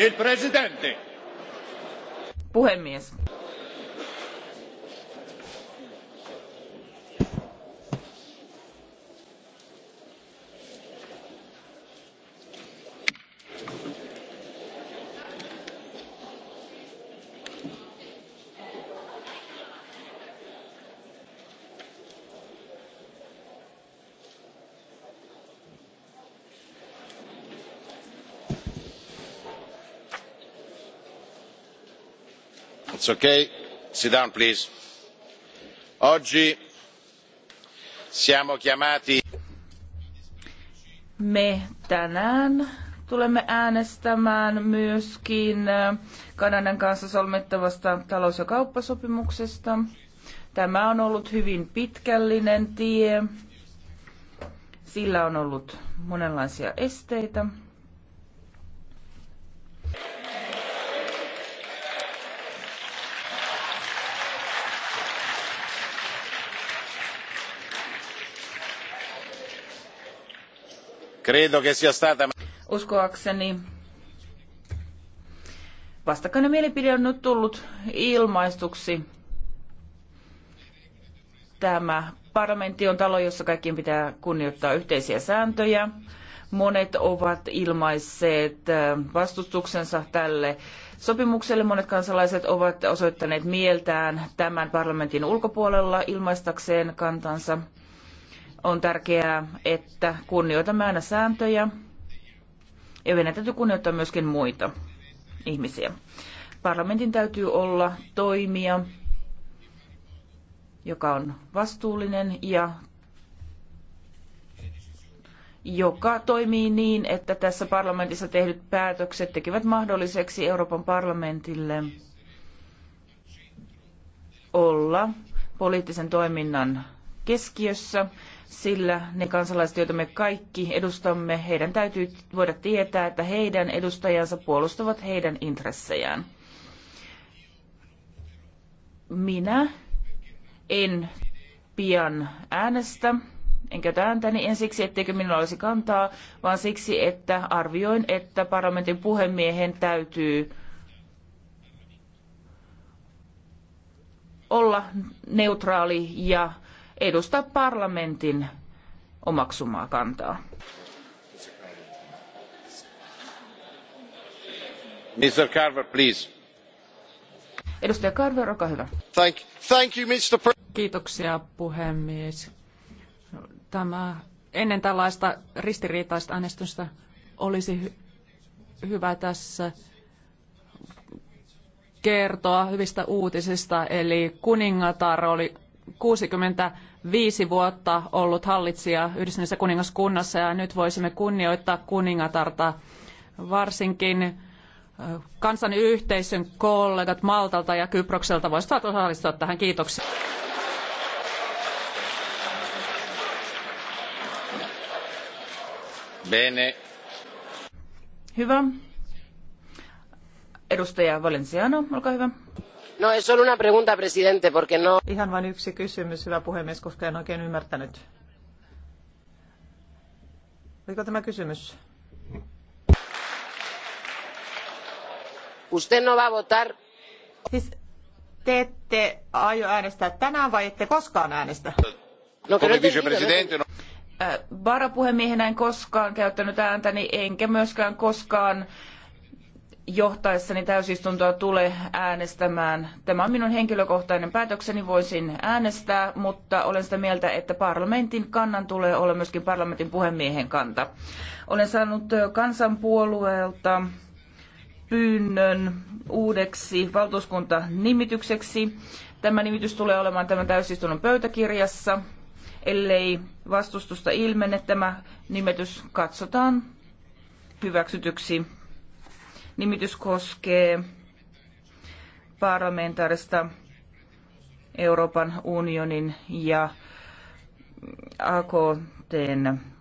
Il Puhemies. oggi siamo chiamati me tänään tulemme äänestämään myöskin äh, Kanadan kanssa solmittavasta talous- ja kauppasopimuksesta. Tämä on ollut hyvin pitkällinen tie. Sillä on ollut monenlaisia esteitä. Credo che sia stata... Uskoakseni vastakkainen mielipide on nyt tullut ilmaistuksi. Tämä parlamentti on talo, jossa kaikkien pitää kunnioittaa yhteisiä sääntöjä. Monet ovat ilmaisseet vastustuksensa tälle sopimukselle. Monet kansalaiset ovat osoittaneet mieltään tämän parlamentin ulkopuolella ilmaistakseen kantansa. On tärkeää, että kunnioitamme aina sääntöjä ja Venäjä täytyy kunnioittaa myöskin muita ihmisiä. Parlamentin täytyy olla toimija, joka on vastuullinen ja joka toimii niin, että tässä parlamentissa tehdyt päätökset tekevät mahdolliseksi Euroopan parlamentille olla poliittisen toiminnan keskiössä, sillä ne kansalaiset, joita me kaikki edustamme, heidän täytyy voida tietää, että heidän edustajansa puolustavat heidän intressejään. Minä en pian äänestä, enkä ääntäni niin en siksi, etteikö minulla olisi kantaa, vaan siksi, että arvioin, että parlamentin puhemiehen täytyy olla neutraali ja edustaa parlamentin omaksumaa kantaa. Mr. Carver, please. Edustaja Carver, olkaa hyvä. Thank, thank you, Mr. Pre- Kiitoksia, puhemies. Tämä, ennen tällaista ristiriitaista äänestystä olisi hy- hyvä tässä kertoa hyvistä uutisista, eli kuningatar oli 60 viisi vuotta ollut hallitsija Yhdistyneessä kuningaskunnassa ja nyt voisimme kunnioittaa kuningatarta. Varsinkin kansan yhteisön kollegat Maltalta ja Kyprokselta voisivat osallistua tähän. Kiitoksia. Bene. Hyvä. Edustaja Valenciano, olkaa hyvä. No, es solo una pregunta, presidente, porque no... Ihan vain yksi kysymys, hyvä puhemies, koska en oikein ymmärtänyt. Oliko tämä kysymys? Usted no va a votar... Siis te ette aio äänestää tänään vai ette koskaan äänestä? No, Come vicepresidente... No... Varapuhemiehenä en koskaan käyttänyt ääntäni, enkä myöskään koskaan johtaessani täysistuntoa tule äänestämään. Tämä on minun henkilökohtainen päätökseni, voisin äänestää, mutta olen sitä mieltä, että parlamentin kannan tulee olla myöskin parlamentin puhemiehen kanta. Olen saanut kansanpuolueelta pyynnön uudeksi valtuuskuntanimitykseksi. Tämä nimitys tulee olemaan tämän täysistunnon pöytäkirjassa. Ellei vastustusta ilmene, tämä nimitys katsotaan hyväksytyksi Nimitys koskee parlamentaarista Euroopan unionin ja AKTn